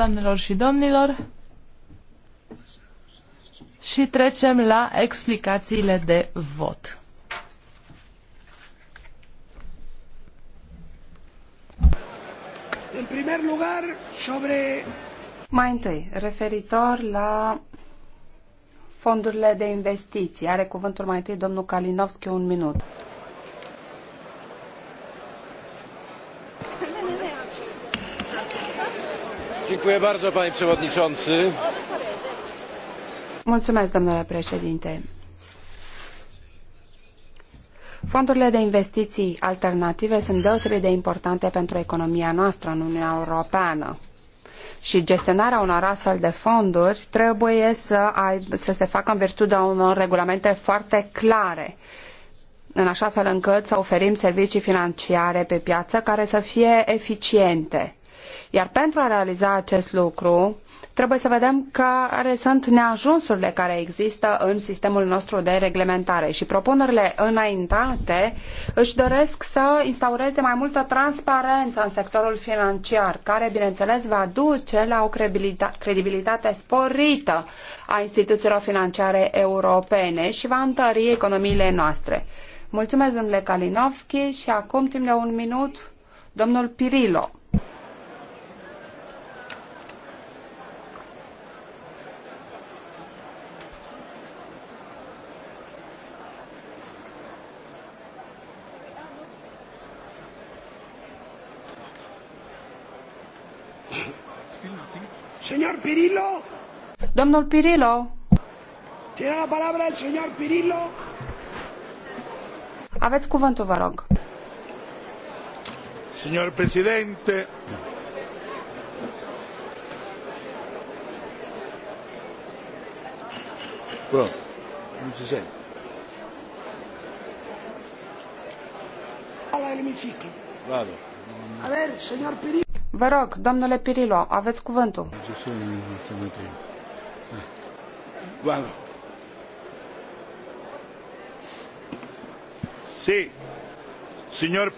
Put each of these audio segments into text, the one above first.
doamnelor și domnilor, și trecem la explicațiile de vot. În primer lugar, sobre... Mai întâi, referitor la fondurile de investiții. Are cuvântul mai întâi domnul Kalinowski un minut. Mulțumesc, domnule președinte. Fondurile de investiții alternative sunt deosebit de importante pentru economia noastră în Uniunea Europeană și gestionarea unor astfel de fonduri trebuie să, ai, să se facă în virtutea unor regulamente foarte clare în așa fel încât să oferim servicii financiare pe piață care să fie eficiente iar pentru a realiza acest lucru, trebuie să vedem care sunt neajunsurile care există în sistemul nostru de reglementare și propunerile înaintate își doresc să instaureze mai multă transparență în sectorul financiar, care, bineînțeles, va duce la o credibilitate sporită a instituțiilor financiare europene și va întări economiile noastre. Mulțumesc, domnule Kalinowski, și acum, timp de un minut, domnul Pirilo. Pirillo? Domnul Pirillo. Tiene la palabra el señor Pirillo. Aveți cuvântul, vă rog. Signor Presidente, Pronto, non si sente. Vado. A ver, signor Pirillo. Vă rog, domnule Pirilo, aveți cuvântul. Vado. Si. Signor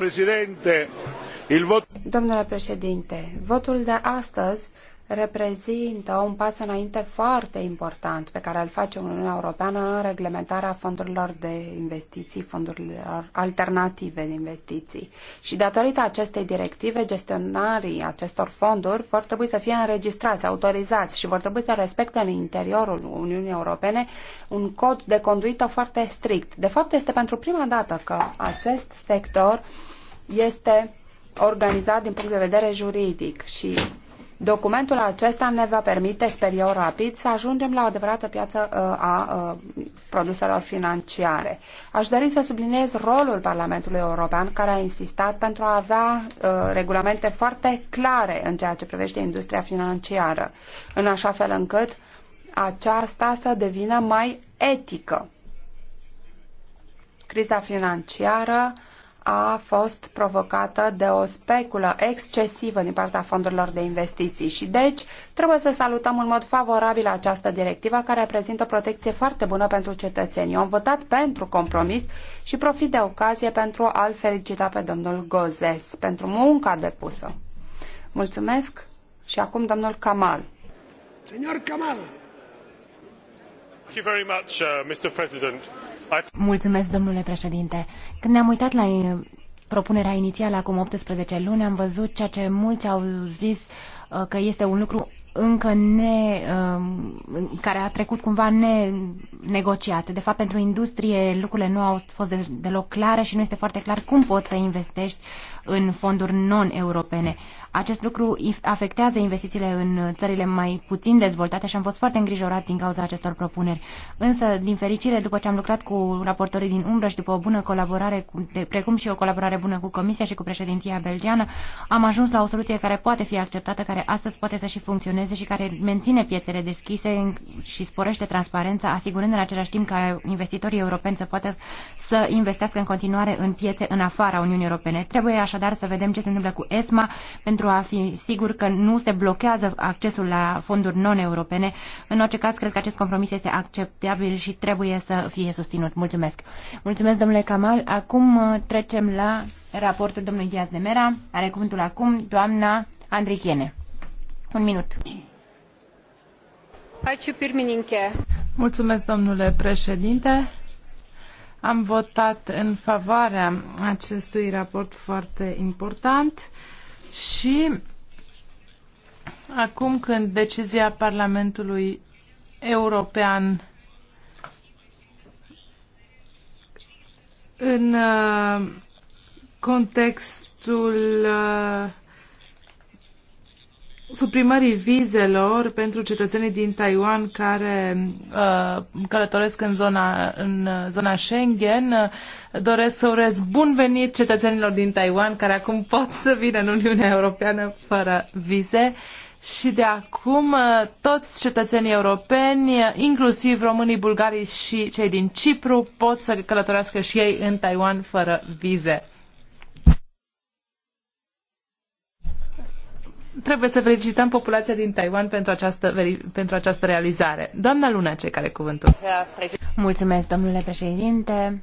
il vot... Domnule președinte, votul de astăzi reprezintă un pas înainte foarte important pe care îl face Uniunea Europeană în reglementarea fondurilor de investiții, fondurilor alternative de investiții. Și datorită acestei directive, gestionarii acestor fonduri vor trebui să fie înregistrați, autorizați și vor trebui să respecte în interiorul Uniunii Europene un cod de conduită foarte strict. De fapt, este pentru prima dată că acest sector este organizat din punct de vedere juridic și Documentul acesta ne va permite, sper eu, rapid să ajungem la o adevărată piață uh, a uh, produselor financiare. Aș dori să subliniez rolul Parlamentului European, care a insistat pentru a avea uh, regulamente foarte clare în ceea ce privește industria financiară, în așa fel încât aceasta să devină mai etică. Criza financiară uh, a fost provocată de o speculă excesivă din partea fondurilor de investiții și deci trebuie să salutăm în mod favorabil această directivă care reprezintă o protecție foarte bună pentru cetățeni. Eu am votat pentru compromis și profit de ocazie pentru a-l felicita pe domnul Gozes pentru munca depusă. Mulțumesc și acum domnul Kamal. Senor Kamal. Uh, Mulțumesc, domnule președinte. Când ne-am uitat la eh, propunerea inițială acum 18 luni, am văzut ceea ce mulți au zis eh, că este un lucru încă ne, eh, care a trecut cumva ne, negociat. De fapt, pentru industrie lucrurile nu au fost de, deloc clare și nu este foarte clar cum poți să investești în fonduri non-europene. Acest lucru afectează investițiile în țările mai puțin dezvoltate și am fost foarte îngrijorat din cauza acestor propuneri. Însă, din fericire, după ce am lucrat cu raportorii din umbră și după o bună colaborare, cu, de, precum și o colaborare bună cu Comisia și cu președinția belgiană, am ajuns la o soluție care poate fi acceptată, care astăzi poate să și funcționeze și care menține piețele deschise și sporește transparența, asigurând în același timp ca investitorii europeni să poată să investească în continuare în piețe în afara Uniunii Europene. Trebuie așadar să vedem ce se întâmplă cu ESMA pentru pentru a fi sigur că nu se blochează accesul la fonduri non-europene. În orice caz, cred că acest compromis este acceptabil și trebuie să fie susținut. Mulțumesc! Mulțumesc, domnule Kamal. Acum uh, trecem la raportul domnului Diaz de Mera. Are cuvântul acum doamna Andrichiene. Un minut. Mulțumesc, domnule președinte. Am votat în favoarea acestui raport foarte important. Uh, și acum când decizia Parlamentului European în uh, contextul uh, suprimării vizelor pentru cetățenii din Taiwan care uh, călătoresc în zona, în zona Schengen. Doresc să urez bun venit cetățenilor din Taiwan care acum pot să vină în Uniunea Europeană fără vize. Și de acum uh, toți cetățenii europeni, uh, inclusiv românii, bulgarii și cei din Cipru, pot să călătorească și ei în Taiwan fără vize. Trebuie să felicităm populația din Taiwan pentru această, pentru această realizare. Doamna ce care cuvântul. Mulțumesc, domnule președinte.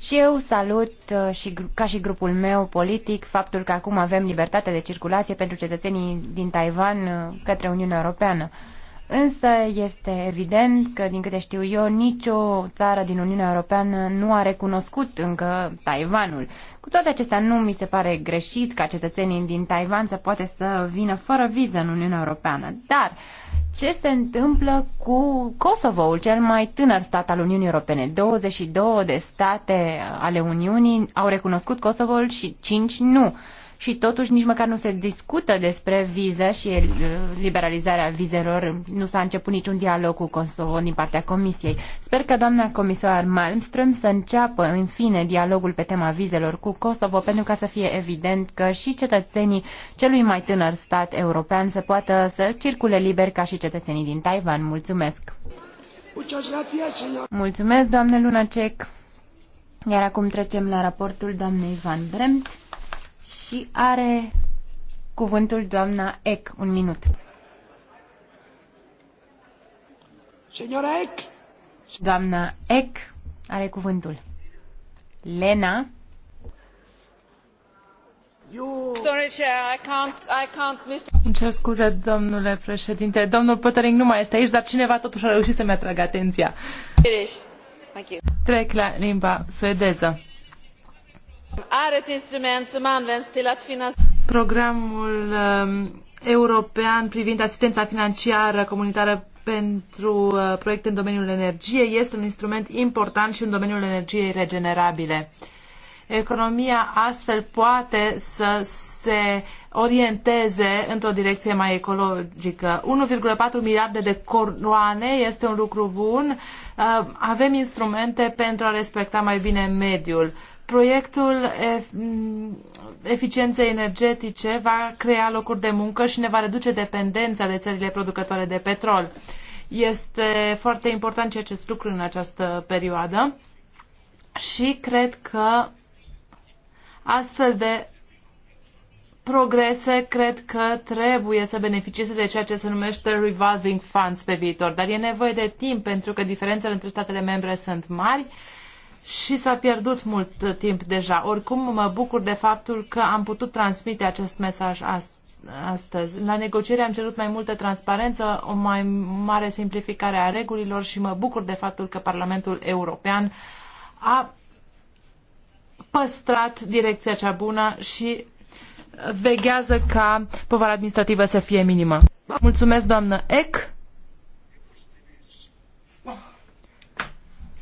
Și eu salut, uh, și, ca și grupul meu politic, faptul că acum avem libertate de circulație pentru cetățenii din Taiwan uh, către Uniunea Europeană. Însă este evident că, din câte știu eu, nicio țară din Uniunea Europeană nu a recunoscut încă Taiwanul. Cu toate acestea, nu mi se pare greșit ca cetățenii din Taiwan să poate să vină fără viză în Uniunea Europeană. Dar ce se întâmplă cu Kosovo, cel mai tânăr stat al Uniunii Europene? 22 de state ale Uniunii au recunoscut Kosovo, și 5 nu și totuși nici măcar nu se discută despre viză și eh, liberalizarea vizelor. Nu s-a început niciun dialog cu Kosovo din partea Comisiei. Sper că doamna comisar Malmström să înceapă în fine dialogul pe tema vizelor cu Kosovo pentru ca să fie evident că și cetățenii celui mai tânăr stat european să poată să circule liber ca și cetățenii din Taiwan. Mulțumesc! Mulțumesc, doamne Lunacek! Iar acum trecem la raportul doamnei Van Bremt și are cuvântul doamna Eck. Un minut. Señora Eck. Doamna Eck are cuvântul. Lena. You... Sorry, Chair, I can't, I can't miss... Îmi cer scuze, domnule președinte. Domnul Pătăring nu mai este aici, dar cineva totuși a reușit să-mi atragă atenția. Thank you. Trec la limba suedeză. Programul um, european privind asistența financiară comunitară pentru uh, proiecte în domeniul energiei este un instrument important și în domeniul energiei regenerabile. Economia astfel poate să se orienteze într-o direcție mai ecologică. 1,4 miliarde de coroane este un lucru bun. Uh, avem instrumente pentru a respecta mai bine mediul Proiectul eficienței energetice va crea locuri de muncă și ne va reduce dependența de țările producătoare de petrol. Este foarte important ceea ce lucru în această perioadă și cred că astfel de progrese, cred că trebuie să beneficieze de ceea ce se numește revolving funds pe viitor, dar e nevoie de timp pentru că diferențele între statele membre sunt mari și s-a pierdut mult timp deja. Oricum mă bucur de faptul că am putut transmite acest mesaj astăzi astăzi. La negociere am cerut mai multă transparență, o mai mare simplificare a regulilor și mă bucur de faptul că Parlamentul European a păstrat direcția cea bună și veghează ca povara administrativă să fie minimă. Mulțumesc, doamnă Eck.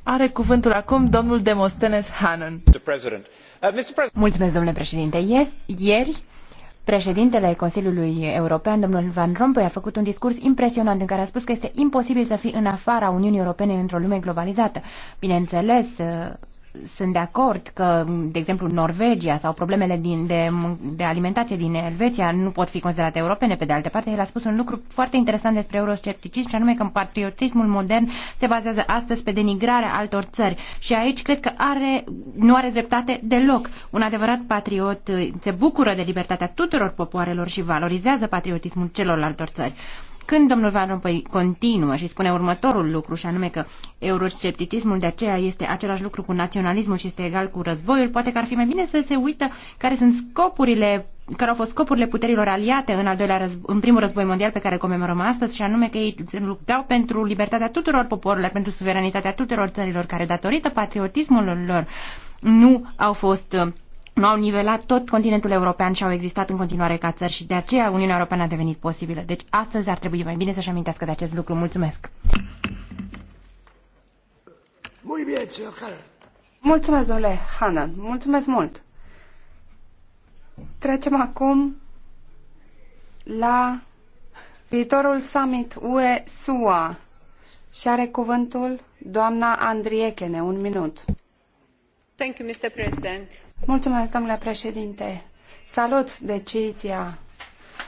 Are cuvântul acum domnul Demostenes Hannon. Uh, Mulțumesc, domnule președinte. Ieri, Președintele Consiliului European, domnul Van Rompuy, a făcut un discurs impresionant în care a spus că este imposibil să fii în afara Uniunii Europene într-o lume globalizată. Bineînțeles, uh, sunt de acord că, de exemplu, Norvegia sau problemele din, de, de alimentație din Elveția nu pot fi considerate europene. Pe de altă parte, el a spus un lucru foarte interesant despre euroscepticism și anume că patriotismul modern se bazează astăzi pe denigrarea altor țări. Și aici cred că are, nu are dreptate deloc. Un adevărat patriot eh, se bucură de libertatea tuturor popoarelor și valorizează patriotismul celorlalte țări. Când domnul Van Rompuy continuă și spune următorul lucru, și anume că euroscepticismul de aceea este același lucru cu naționalismul și este egal cu războiul, poate că ar fi mai bine să se uită care sunt scopurile care au fost scopurile puterilor aliate în, al doilea război, în primul război mondial pe care îl comemorăm astăzi, și anume că ei luptau pentru libertatea tuturor poporilor, pentru suveranitatea tuturor țărilor care, datorită patriotismului lor, nu au fost nu au nivelat tot continentul european și au existat în continuare ca țări și de aceea Uniunea Europeană a devenit posibilă. Deci astăzi ar trebui mai bine să-și amintească de acest lucru. Mulțumesc! Mulțumesc, domnule Hanan. Mulțumesc mult! Trecem acum la viitorul summit UE-SUA și are cuvântul doamna Andriechene. Un minut. Mulțumesc, domnule președinte. Salut decizia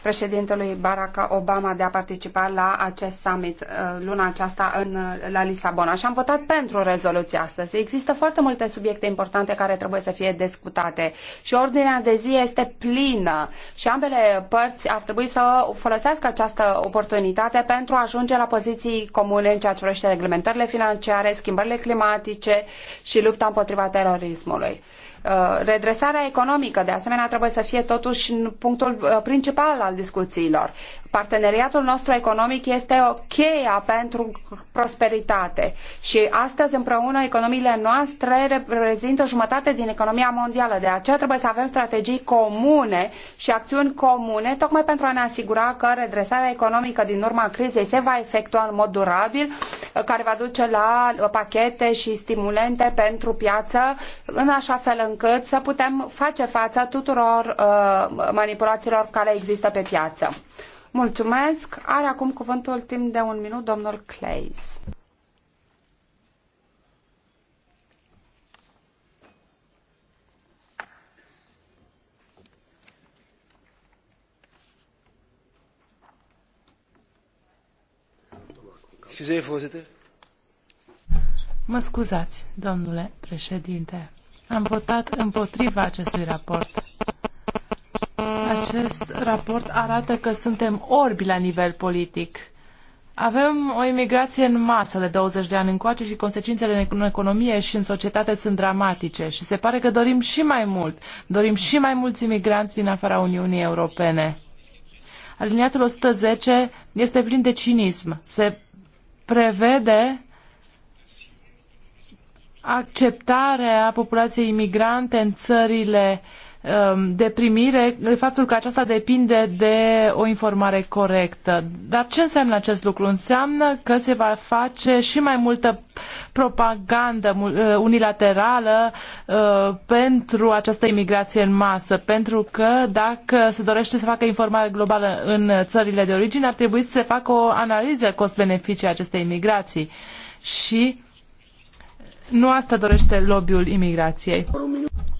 președintelui Barack Obama de a participa la acest summit uh, luna aceasta în, uh, la Lisabona. Și am votat pentru rezoluția astăzi. Există foarte multe subiecte importante care trebuie să fie discutate și ordinea de zi este plină și ambele părți ar trebui să folosească această oportunitate pentru a ajunge la poziții comune în ceea ce privește reglementările financiare, schimbările climatice și lupta împotriva terorismului. Uh, redresarea economică, de asemenea, trebuie să fie totuși punctul uh, principal al discuțiilor. Parteneriatul nostru economic este o cheie pentru prosperitate și astăzi împreună economiile noastre reprezintă jumătate din economia mondială. De aceea trebuie să avem strategii comune și acțiuni comune tocmai pentru a ne asigura că redresarea economică din urma crizei se va efectua în mod durabil, care va duce la pachete și stimulente pentru piață în așa fel încât să putem face față tuturor uh, manipulațiilor care există pe piață. Mulțumesc. Are acum cuvântul timp de un minut domnul Clays. Mă scuzați, domnule președinte. Am votat împotriva acestui raport acest raport arată că suntem orbi la nivel politic. Avem o imigrație în masă de 20 de ani încoace și consecințele în economie și în societate sunt dramatice și se pare că dorim și mai mult. Dorim și mai mulți imigranți din afara Uniunii Europene. Aliniatul 110 este plin de cinism. Se prevede acceptarea populației imigrante în țările uh, Um, de primire, faptul că aceasta depinde de o informare corectă. Dar ce înseamnă acest lucru? Înseamnă că se va face și mai multă propagandă uh, unilaterală uh, pentru această imigrație în masă, pentru că dacă se dorește să facă informare globală în țările de origine, ar trebui să se facă o analiză cost-beneficii acestei imigrații. Și nu asta dorește lobby-ul imigrației.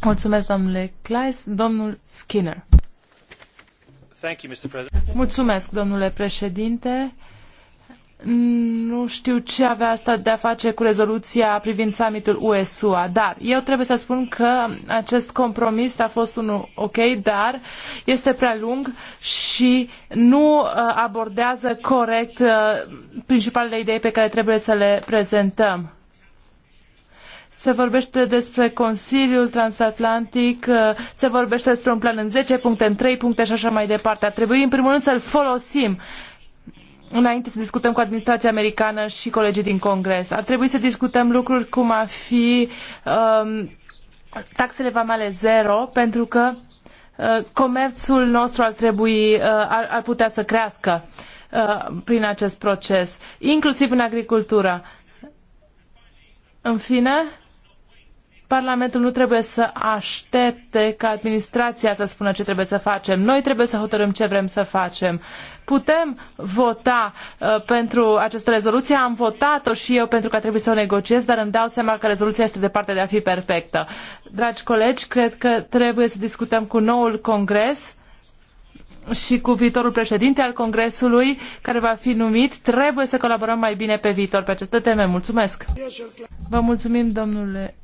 Mulțumesc, domnule Kleis. Domnul Skinner. Mulțumesc, domnule președinte. Nu știu ce avea asta de a face cu rezoluția privind summitul USUA, dar eu trebuie să spun că acest compromis a fost unul ok, dar este prea lung și nu uh, abordează corect uh, principalele idei pe care trebuie să le prezentăm se vorbește despre Consiliul Transatlantic, uh, se vorbește despre un plan în zece puncte, în trei puncte și așa mai departe. Ar trebui, în primul rând, să-l folosim înainte să discutăm cu administrația americană și colegii din Congres. Ar trebui să discutăm lucruri cum ar fi um, taxele vamale zero, pentru că uh, comerțul nostru ar trebui, uh, ar, ar, putea să crească uh, prin acest proces, inclusiv în agricultură. În fine, Parlamentul nu trebuie să aștepte ca administrația să spună ce trebuie să facem. Noi trebuie să hotărâm ce vrem să facem. Putem vota uh, pentru această rezoluție. Am votat-o și eu pentru că trebuie să o negociez, dar îmi dau seama că rezoluția este departe de a fi perfectă. Dragi colegi, cred că trebuie să discutăm cu noul Congres și cu viitorul președinte al Congresului, care va fi numit, trebuie să colaborăm mai bine pe viitor pe aceste teme. Mulțumesc! Vă mulțumim, domnule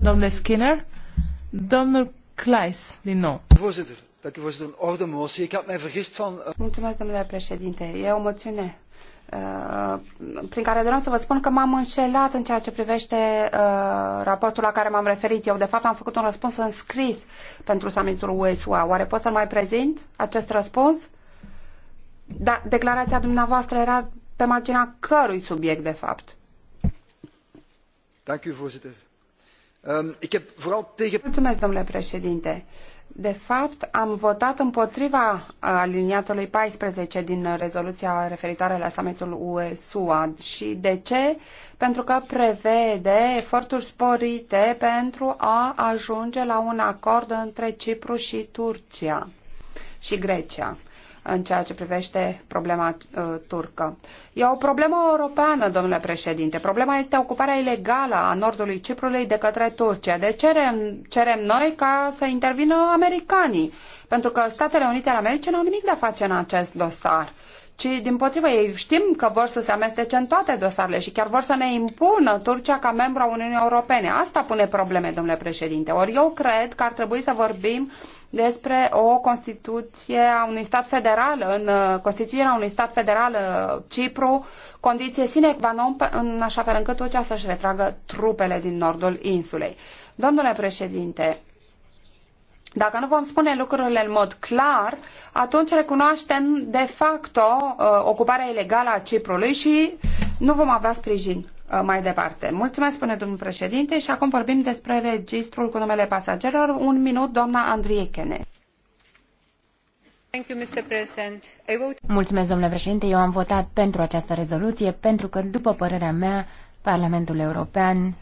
Domnule Skinner, domnul Kleis, din nou. Eh, Mulțumesc, domnule președinte. E o moțiune eh, prin care doream să vă spun că m-am înșelat în ceea ce privește eh, raportul la care m-am referit. Eu, de fapt, am făcut un răspuns în scris pentru summitul USUA. Oare pot să-l mai prezint, acest răspuns? Da, declarația dumneavoastră era pe marginea cărui subiect, de fapt? Ehm, Mulțumesc, domnule președinte. De fapt, am votat împotriva aliniatului 14 din rezoluția referitoare la summitul UE-SUA. Și de ce? Pentru că prevede eforturi sporite pentru a ajunge la un acord între Cipru și Turcia și Grecia în ceea ce privește problema uh, turcă. E o problemă europeană, domnule președinte. Problema este ocuparea ilegală a nordului Ciprului de către Turcia. De cerem, cerem noi ca să intervină americanii, pentru că Statele Unite ale Americii nu au nimic de a face în acest dosar ci din potrivă ei știm că vor să se amestece în toate dosarele și chiar vor să ne impună Turcia ca membru a Uniunii Europene. Asta pune probleme, domnule președinte. Ori eu cred că ar trebui să vorbim despre o constituție a unui stat federal, în uh, constituirea unui stat federal uh, Cipru, condiție sine qua non în așa fel încât Turcia să-și retragă trupele din nordul insulei. Domnule președinte, dacă nu vom spune lucrurile în mod clar, atunci recunoaștem de facto uh, ocuparea ilegală a Ciprului și nu vom avea sprijin Uh, mai departe. Mulțumesc, spune domnul președinte, și acum vorbim despre registrul cu numele pasagerilor. Un minut, doamna vote... Mulțumesc, domnule președinte. Eu am votat pentru această rezoluție pentru că, după părerea mea, Parlamentul European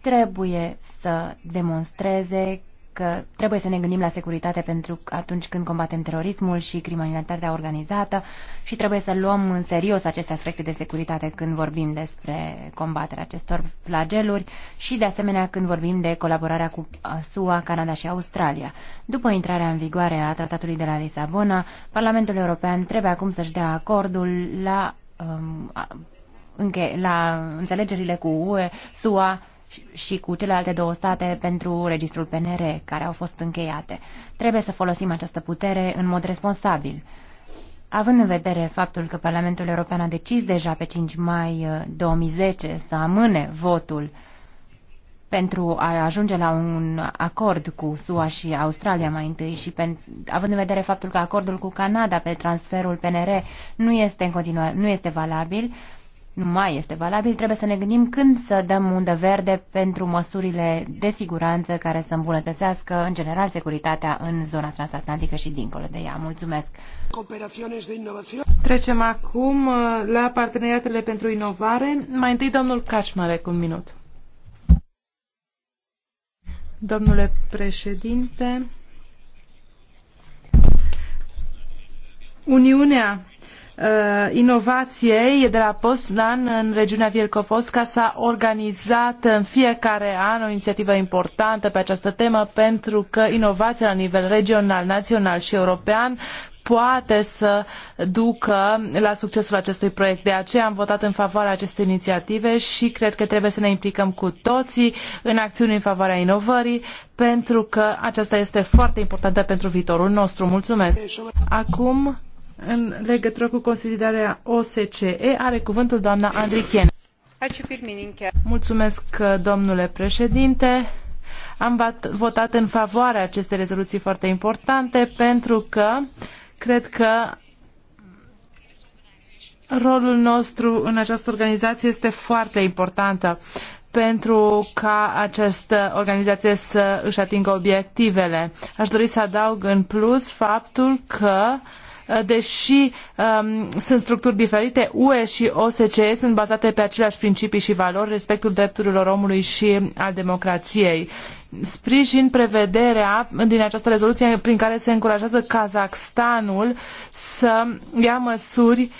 trebuie să demonstreze că trebuie să ne gândim la securitate pentru atunci când combatem terorismul și criminalitatea organizată și trebuie să luăm în serios aceste aspecte de securitate când vorbim despre combaterea acestor flageluri și de asemenea când vorbim de colaborarea cu SUA, Canada și Australia. După intrarea în vigoare a Tratatului de la Lisabona, Parlamentul European trebuie acum să-și dea acordul la um, înche- la înțelegerile cu UE, SUA și cu celelalte două state pentru registrul PNR, care au fost încheiate. Trebuie să folosim această putere în mod responsabil. Având în vedere faptul că Parlamentul European a decis deja pe 5 mai 2010 uh, să amâne votul pentru a ajunge la un acord cu SUA și Australia mai întâi și pen, având în vedere faptul că acordul cu Canada pe transferul PNR nu este, în continuare, nu este valabil, nu mai este valabil, trebuie să ne gândim când să dăm undă verde pentru măsurile de siguranță care să îmbunătățească în general securitatea în zona transatlantică și dincolo de ea. Mulțumesc! Trecem acum uh, la parteneriatele pentru inovare. Mai întâi domnul cu un minut. Domnule președinte, Uniunea uh, inovației de la an în regiunea Viercovosca s-a organizat în fiecare an o inițiativă importantă pe această temă pentru că inovația la nivel regional, național și european poate să ducă la succesul acestui proiect. De aceea am votat în favoarea acestei inițiative și cred că trebuie să ne implicăm cu toții în acțiuni în favoarea inovării, pentru că aceasta este foarte importantă pentru viitorul nostru. Mulțumesc! Acum în legătură cu consolidarea OSCE are cuvântul doamna Andrichien. Mulțumesc, domnule președinte. Am votat în favoarea acestei rezoluții foarte importante pentru că cred că rolul nostru în această organizație este foarte important pentru ca această organizație să își atingă obiectivele. Aș dori să adaug în plus faptul că uh, Uh, deși um, sunt structuri diferite, UE și OSCE sunt bazate pe aceleași principii și valori, respectul drepturilor omului și al democrației. Sprijin prevederea din această rezoluție prin care se încurajează Kazakhstanul să ia măsuri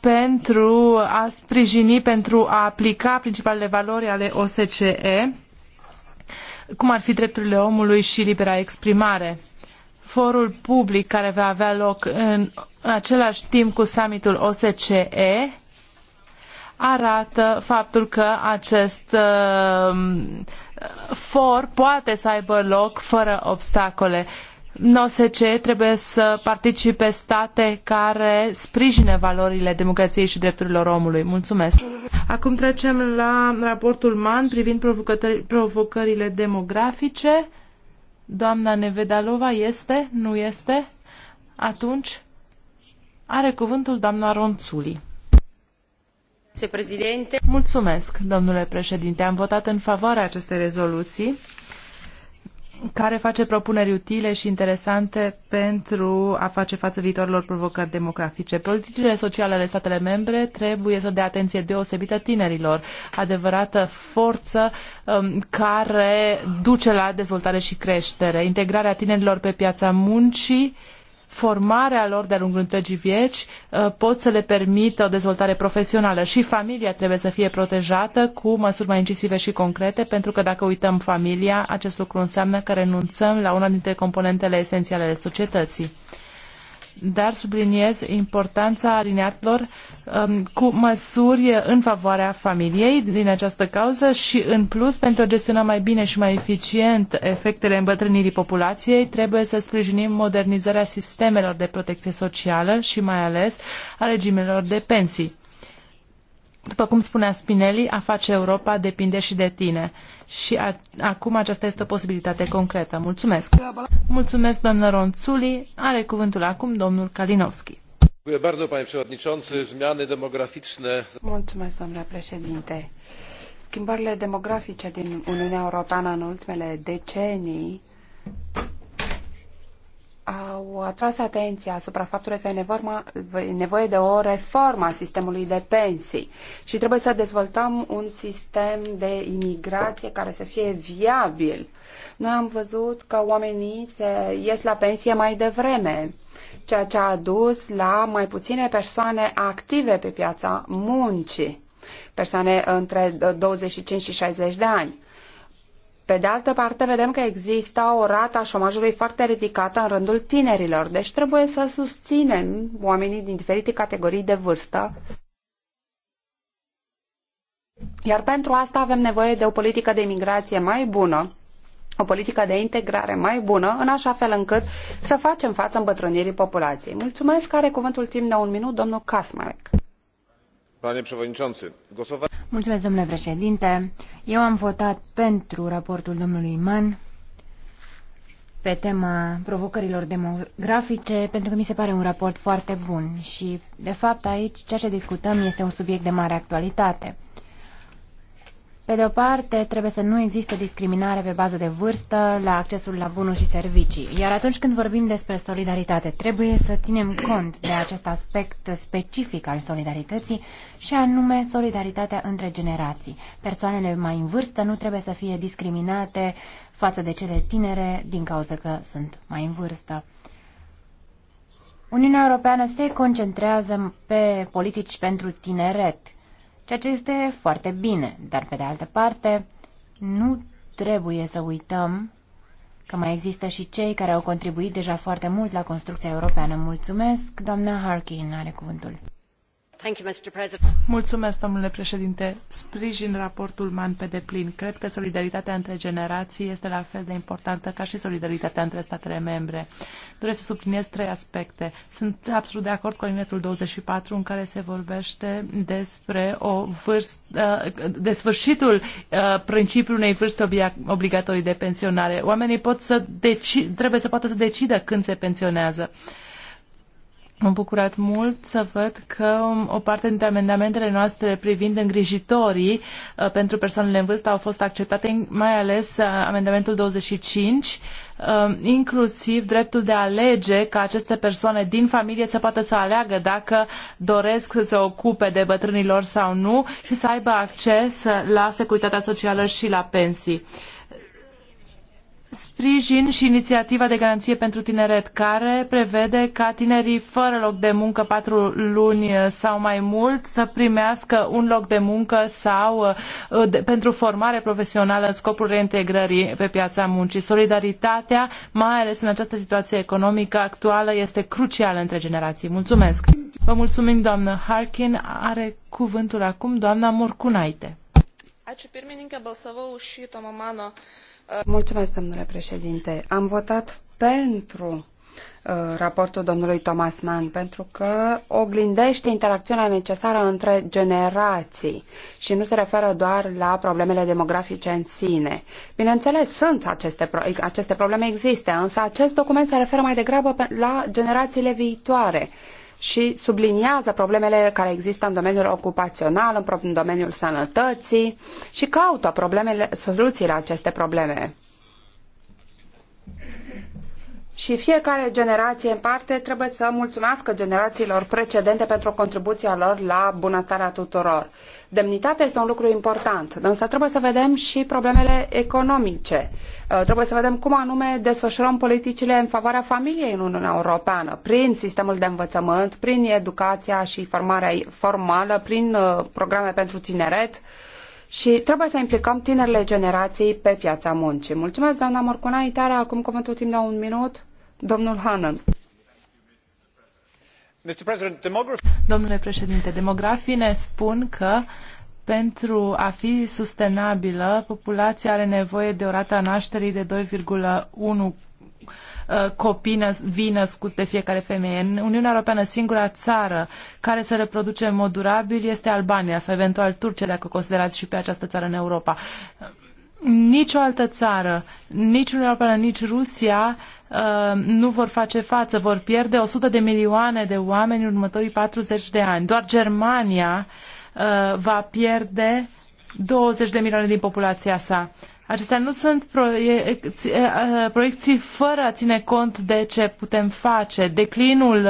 pentru a sprijini, pentru a aplica principalele valori ale OSCE, cum ar fi drepturile omului și libera exprimare forul public care va avea loc în, în același timp cu summitul OSCE arată faptul că acest uh, for poate să aibă loc fără obstacole. În OSCE trebuie să participe state care sprijine valorile democrației și drepturilor omului. Mulțumesc! Acum trecem la raportul MAN privind provocările demografice. Doamna Nevedalova este? Nu este? Atunci are cuvântul doamna Ronțuli. Mulțumesc, domnule președinte. Am votat în favoarea acestei rezoluții care face propuneri utile și interesante pentru a face față viitorilor provocări demografice. Politicile sociale ale statele membre trebuie să dea atenție deosebită tinerilor, adevărată forță um, care duce la dezvoltare și creștere. Integrarea tinerilor pe piața muncii uh, formarea lor de-a lungul întregii vieci uh, pot să le permită o dezvoltare profesională. Și familia trebuie să fie protejată cu măsuri mai incisive și concrete, pentru că dacă uităm familia, acest lucru înseamnă că renunțăm la una dintre componentele esențiale ale societății dar subliniez importanța alineatelor um, cu măsuri în favoarea familiei din această cauză și, în plus, pentru a gestiona mai bine și mai eficient efectele îmbătrânirii populației, trebuie să sprijinim modernizarea sistemelor de protecție socială și mai ales a regimelor de pensii după cum spunea Spinelli, a face Europa depinde și de tine. Și a, acum aceasta este o posibilitate concretă. Mulțumesc! Mulțumesc, doamnă Ronțuli. Are cuvântul acum domnul Kalinowski. Mulțumesc, domnule președinte. Schimbările demografice din Uniunea Europeană în ultimele decenii au atras atenția asupra faptului că e nevoie de o reformă a sistemului de pensii și trebuie să dezvoltăm un sistem de imigrație care să fie viabil. Noi am văzut că oamenii se ies la pensie mai devreme, ceea ce a dus la mai puține persoane active pe piața muncii persoane între 25 și 60 de ani. Pe de altă parte, vedem că există o rată a șomajului foarte ridicată în rândul tinerilor, deci trebuie să susținem oamenii din diferite categorii de vârstă. Iar pentru asta avem nevoie de o politică de imigrație mai bună, o politică de integrare mai bună, în așa fel încât să facem față îmbătrânirii populației. Mulțumesc, are cuvântul timp de un minut, domnul Kasmarek. Mulțumesc, domnule președinte. Eu am votat pentru raportul domnului Mann pe tema provocărilor demografice, pentru că mi se pare un raport foarte bun și, de fapt, aici ceea ce discutăm este un subiect de mare actualitate. Pe de o parte, trebuie să nu existe discriminare pe bază de vârstă la accesul la bunuri și servicii. Iar atunci când vorbim despre solidaritate, trebuie să ținem cont de acest aspect specific al solidarității și anume solidaritatea între generații. Persoanele mai în vârstă nu trebuie să fie discriminate față de cele tinere din cauza că sunt mai în vârstă. Uniunea Europeană se concentrează pe politici pentru tineret ceea ce este foarte bine, dar pe de altă parte nu trebuie să uităm că mai există și cei care au contribuit deja foarte mult la construcția europeană. Mulțumesc, doamna Harkin are cuvântul. Mulțumesc, domnule președinte. Sprijin raportul mann pe deplin. Cred că solidaritatea între generații este la fel de importantă ca și solidaritatea între statele membre. Doresc să subliniez trei aspecte. Sunt absolut de acord cu alinetul 24 în care se vorbește despre o vârstă, uh, de sfârșitul uh, principiului unei vârste obligatorii de pensionare. Oamenii pot să deci, trebuie să poată să decidă când se pensionează. M-am bucurat mult să văd că o parte dintre amendamentele noastre privind îngrijitorii uh, pentru persoanele în vârstă au fost acceptate, mai ales uh, amendamentul 25, uh, inclusiv dreptul de a alege ca aceste persoane din familie să poată să aleagă dacă doresc să se ocupe de bătrânilor sau nu și să aibă acces la securitatea socială și la pensii. Sprijin și inițiativa de garanție pentru tineret, care prevede ca tinerii fără loc de muncă patru luni sau mai mult să primească un loc de muncă sau uh, de, pentru formare profesională în scopul reintegrării pe piața muncii. Solidaritatea, mai ales în această situație economică actuală, este crucială între generații. Mulțumesc! Vă mulțumim, doamnă Harkin. Are cuvântul acum doamna Morcunaite. Ačiū pirmininkė, balsavau už šį mano Mulțumesc, domnule președinte. Am votat pentru uh, raportul domnului Thomas Mann, pentru că oglindește interacțiunea necesară între generații și nu se referă doar la problemele demografice în sine. Bineînțeles, sunt aceste, aceste probleme există, însă acest document se referă mai degrabă la generațiile viitoare și subliniază problemele care există în domeniul ocupațional, în domeniul sănătății și caută problemele, soluții la aceste probleme. Și fiecare generație în parte trebuie să mulțumească generațiilor precedente pentru contribuția lor la bunăstarea tuturor. Demnitatea este un lucru important, însă trebuie să vedem și problemele economice. Uh, trebuie să vedem cum anume desfășurăm politicile în favoarea familiei în Uniunea Europeană, prin sistemul de învățământ, prin educația și formarea formală, prin uh, programe pentru tineret și trebuie să implicăm tinerile generații pe piața muncii. Mulțumesc, doamna Morcuna Itara. Acum cuvântul timp de un minut, domnul Hanan. Domnule președinte, demografii ne spun că pentru a fi sustenabilă, populația are nevoie de o rată a nașterii de 2,1 Uh, copii vii născuți de fiecare femeie. În Uniunea Europeană, singura țară care se reproduce în mod durabil este Albania sau eventual Turcia, dacă considerați și pe această țară în Europa. Nici o altă țară, nici Uniunea Europeană, nici Rusia uh, nu vor face față, vor pierde 100 de milioane de oameni în următorii 40 de ani. Doar Germania uh, va pierde 20 de milioane din populația sa. Acestea nu sunt proiecții, proiecții fără a ține cont de ce putem face. Declinul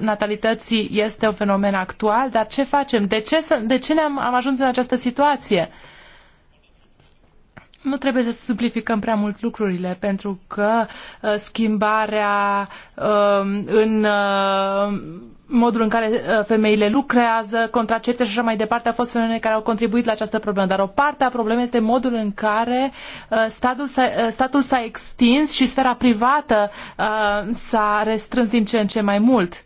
natalității este un fenomen actual, dar ce facem? De ce, de ce ne-am am ajuns în această situație? Nu trebuie să simplificăm prea mult lucrurile, pentru că schimbarea în modul în care uh, femeile lucrează, contracepție și așa mai departe, au fost femeile care au contribuit la această problemă. Dar o parte a problemei este modul în care uh, statul s-a, uh, statul s-a extins și sfera privată s-a restrâns din ce în ce mai mult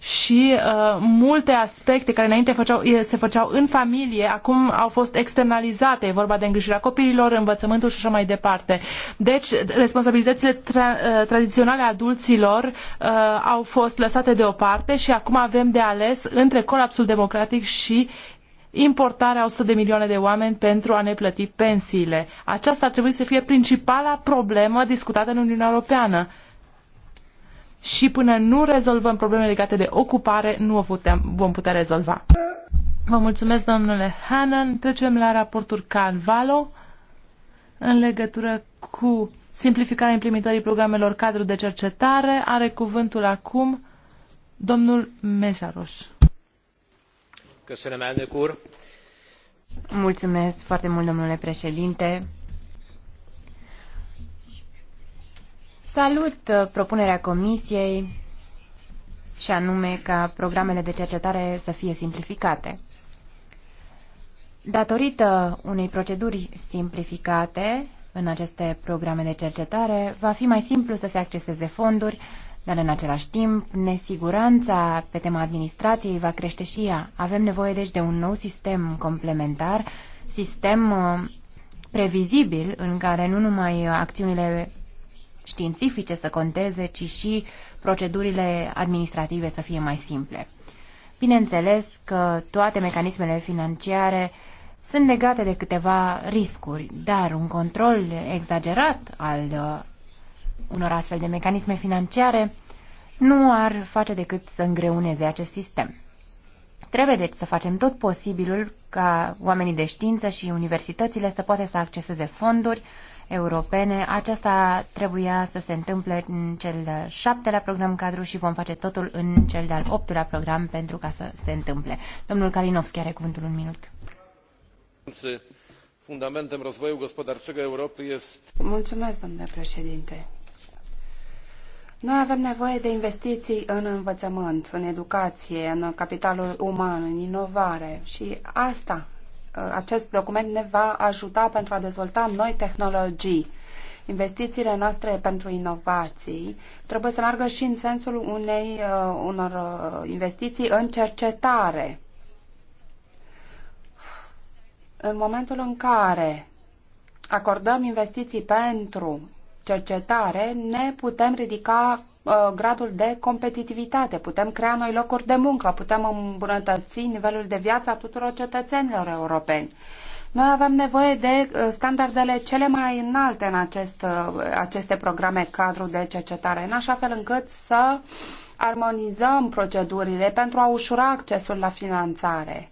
și uh, multe aspecte care înainte făceau, se făceau în familie, acum au fost externalizate. E vorba de îngrijirea copiilor, învățământul și așa mai departe. Deci, responsabilitățile tra- uh, tradiționale adulților uh, au fost lăsate deoparte și acum avem de ales între colapsul democratic și importarea 100 de milioane de oameni pentru a ne plăti pensiile. Aceasta ar trebui să fie principala problemă discutată în Uniunea Europeană și până nu rezolvăm probleme legate de ocupare, nu o putem, vom putea rezolva. Vă mulțumesc, domnule Hannan. Trecem la raportul Calvalo în legătură cu simplificarea implementării programelor cadru de cercetare. Are cuvântul acum domnul Mesaros. Mulțumesc foarte mult, domnule președinte. Salut uh, propunerea Comisiei și anume ca programele de cercetare să fie simplificate. Datorită unei proceduri simplificate în aceste programe de cercetare, va fi mai simplu să se acceseze fonduri, dar în același timp, nesiguranța pe tema administrației va crește și ea. Avem nevoie deci de un nou sistem complementar, sistem uh, previzibil în care nu numai acțiunile științifice să conteze, ci și procedurile administrative să fie mai simple. Bineînțeles că toate mecanismele financiare sunt legate de câteva riscuri, dar un control exagerat al uh, unor astfel de mecanisme financiare nu ar face decât să îngreuneze acest sistem. Trebuie deci să facem tot posibilul ca oamenii de știință și universitățile să poată să acceseze fonduri europene. Aceasta trebuia să se întâmple în cel de-al șaptelea program cadru și vom face totul în cel de-al optulea program pentru ca să se întâmple. Domnul Kalinowski are cuvântul un minut. Fundamentem rozwoju gospodarczego Europy jest... Mulțumesc, domnule președinte. Noi avem nevoie de investiții în învățământ, în educație, în capitalul uman, în inovare și asta Uh, acest document ne va ajuta pentru a dezvolta noi tehnologii. Investițiile noastre pentru inovații trebuie să meargă și în sensul unei, uh, unor uh, investiții în cercetare. În momentul în care acordăm investiții pentru cercetare, ne putem ridica Uh, gradul de competitivitate, putem crea noi locuri de muncă, putem îmbunătăți nivelul de viață a tuturor cetățenilor europeni. Noi avem nevoie de uh, standardele cele mai înalte în acest, uh, aceste programe cadru de cercetare, în așa fel încât să armonizăm procedurile pentru a ușura accesul la finanțare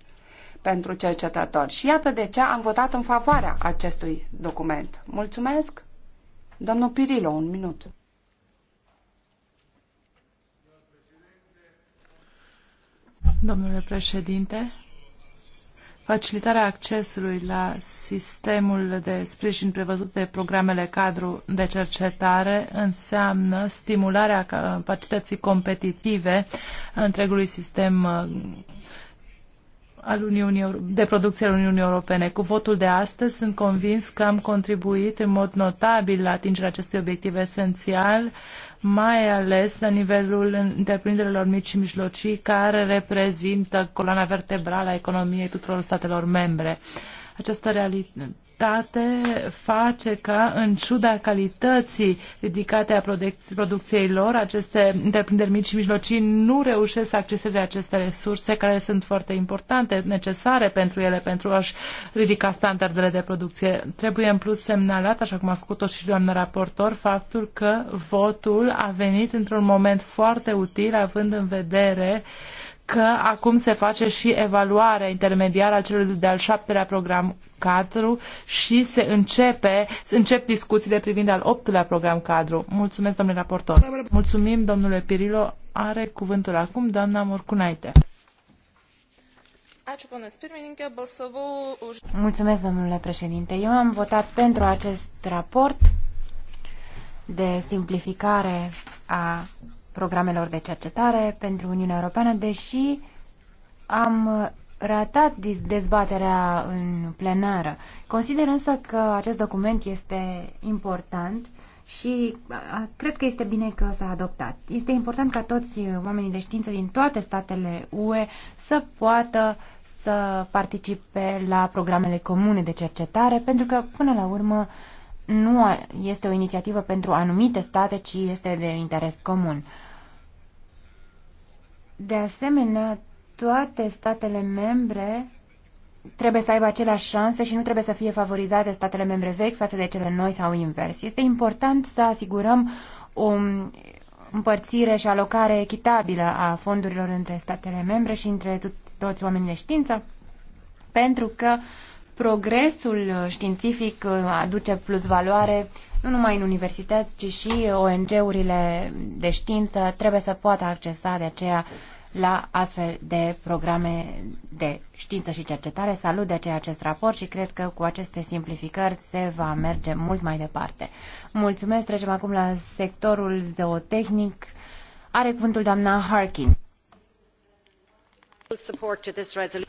pentru cercetători. Și iată de ce am votat în favoarea acestui document. Mulțumesc! Domnul Pirilo, un minut. Domnule președinte, facilitarea accesului la sistemul de sprijin prevăzut de programele cadru de cercetare înseamnă stimularea capacității competitive întregului sistem uh, al Uniunii, de producție al Uniunii Europene. Cu votul de astăzi sunt convins că am contribuit în mod notabil la atingerea acestui obiectiv esențial, mai ales la nivelul întreprinderilor mici și mijlocii, care reprezintă coloana vertebrală a economiei tuturor statelor membre. Această realitate calitate face ca, în ciuda calității ridicate a producției lor, aceste întreprinderi mici și mijlocii nu reușesc să acceseze aceste resurse care sunt foarte importante, necesare pentru ele, pentru a-și ridica standardele de producție. Trebuie în plus semnalat, așa cum a făcut-o și doamna raportor, faptul că votul a venit într-un moment foarte util, având în vedere uh, că acum se face și evaluarea intermediară a celui de-al șaptelea program cadru și se începe, se încep discuțiile privind al optulea program cadru. Mulțumesc, domnule raportor. Mulțumim, domnule Pirilo. Are cuvântul acum doamna Morcunaite. Mulțumesc, domnule președinte. Eu am votat pentru acest raport de simplificare a programelor de cercetare pentru Uniunea Europeană, deși am ratat dezbaterea în plenară. Consider însă că acest document este important și cred că este bine că s-a adoptat. Este important ca toți oamenii de știință din toate statele UE să poată să participe la programele comune de cercetare, pentru că, până la urmă, nu este o inițiativă pentru anumite state, ci este de interes comun. De asemenea, toate statele membre trebuie să aibă aceleași șanse și nu trebuie să fie favorizate statele membre vechi față de cele noi sau invers. Este important să asigurăm o împărțire și alocare echitabilă a fondurilor între statele membre și între toți oamenii de știință, pentru că progresul științific uh, aduce plus valoare nu numai în universități, ci și ONG-urile de știință trebuie să poată accesa de aceea la astfel de programe de știință și cercetare. Salut de aceea acest raport și cred că cu aceste simplificări se va merge mult mai departe. Mulțumesc, trecem acum la sectorul zootehnic. Are cuvântul doamna Harkin.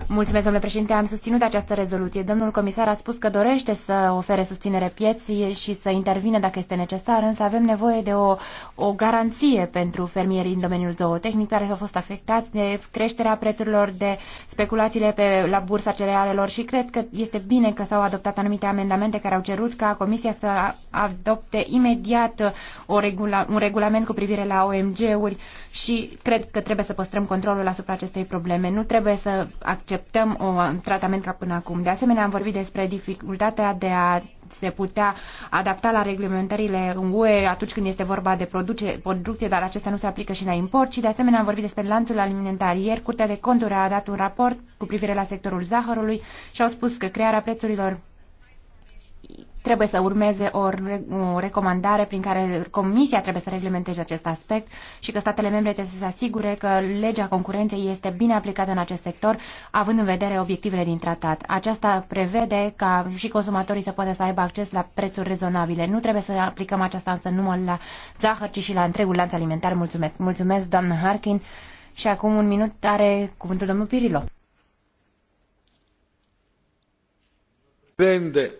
Mulțumesc, domnule președinte. Am susținut această rezoluție. Domnul comisar a spus că dorește să ofere susținere pieții și să intervine dacă este necesar, însă avem nevoie de o, o garanție pentru fermierii în domeniul zootehnic care au fost afectați de creșterea prețurilor, de speculațiile pe, la bursa cerealelor și cred că este bine că s-au adoptat anumite amendamente care au cerut ca Comisia să adopte imediat o regula, un regulament cu privire la OMG-uri și cred că trebuie să păstrăm controlul asupra acestei probleme termen. Nu trebuie să acceptăm un tratament ca până acum. De asemenea, am vorbit despre dificultatea de a se putea adapta la reglementările în UE atunci când este vorba de produce, producție, dar acestea nu se aplică și la import. Și de asemenea am vorbit despre lanțul alimentar. Ieri, Curtea de Conturi a dat un raport cu privire la sectorul zahărului și au spus că crearea prețurilor trebuie să urmeze o, recomandare prin care Comisia trebuie să reglementeze acest aspect și că statele membre trebuie să se asigure că legea concurenței este bine aplicată în acest sector, având în vedere obiectivele din tratat. Aceasta prevede ca și consumatorii să poată să aibă acces la prețuri rezonabile. Nu trebuie să aplicăm aceasta însă numai la zahăr, ci și la întregul lanț alimentar. Mulțumesc! Mulțumesc, doamnă Harkin! Și acum un minut are cuvântul domnul Pirilo. Bende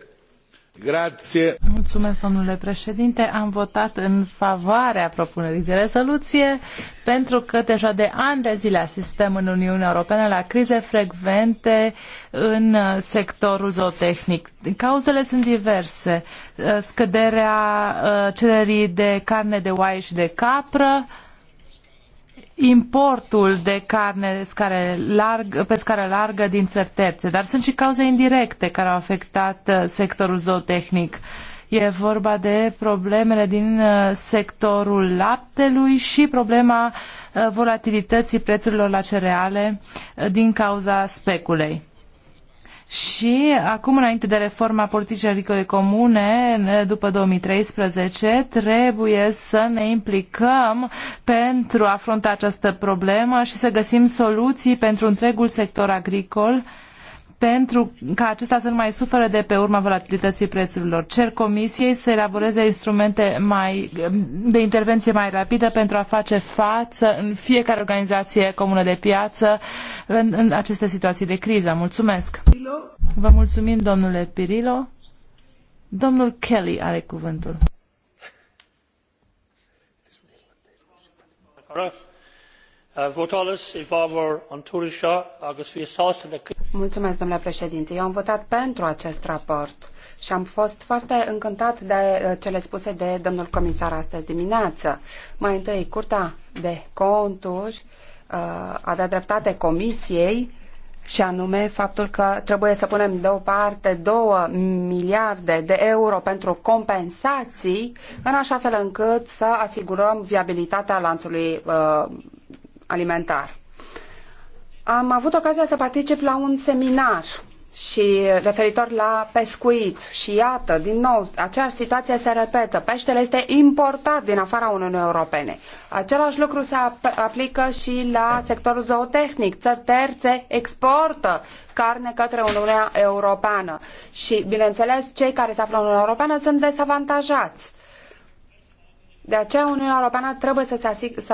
președinte. Am votat în favoarea propunerii de rezoluție pentru că deja de ani de zile asistăm în Uniunea Europeană la crize frecvente în sectorul zootehnic. Cauzele sunt diverse. Scăderea uh, cererii de carne de oaie și de capră, importul de carne scară larg, pe scară largă din țări terțe, dar sunt și cauze indirecte care au afectat uh, sectorul zootehnic. E vorba de problemele din uh, sectorul laptelui și problema uh, volatilității prețurilor la cereale din cauza speculei. Și acum, înainte de reforma politicii agricole comune, după 2013, trebuie să ne implicăm pentru a afronta această problemă și să găsim soluții pentru întregul sector agricol pentru ca acesta să nu mai suferă de pe urma volatilității prețurilor. Cer comisiei să elaboreze instrumente mai, de intervenție mai rapidă pentru a face față în fiecare organizație comună de piață în, în aceste situații de criză. Mulțumesc! Vă mulțumim, domnule Pirilo. Domnul Kelly are cuvântul. Uh, domnule președinte. Eu am votat pentru acest raport și am fost foarte încântat de uh, cele spuse de domnul comisar astăzi dimineață. Mai întâi, Curtea de Conturi uh, a dat dreptate comisiei și anume faptul că trebuie să punem deoparte 2 miliarde de euro pentru compensații, în așa fel încât să asigurăm viabilitatea lanțului uh, alimentar. Am avut ocazia să particip la un seminar și referitor la pescuit. Și iată, din nou, aceeași situație se repetă. Peștele este importat din afara Uniunii Europene. Același lucru se aplică și la sectorul zootehnic. Țări terțe exportă carne către Uniunea Europeană. Și, bineînțeles, cei care se află în Uniunea Europeană sunt dezavantajați. De aceea Uniunea Europeană trebuie să, se asig- să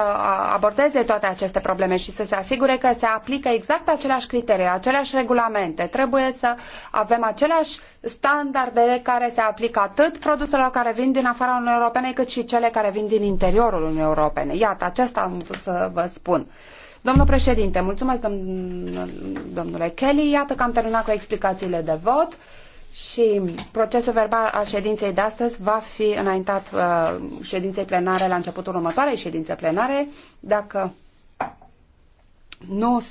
abordeze toate aceste probleme și să se asigure că se aplică exact aceleași criterii, aceleași regulamente. Trebuie să avem aceleași standarde care se aplică atât produselor care vin din afara Uniunii Europene, cât și cele care vin din interiorul Uniunii Europene. Iată, acesta am vrut să vă spun. Domnul președinte, mulțumesc domn- domnule Kelly. Iată că am terminat cu explicațiile de vot și procesul verbal al ședinței de astăzi va fi înaintat uh, ședinței plenare la începutul următoarei ședințe plenare. Dacă nu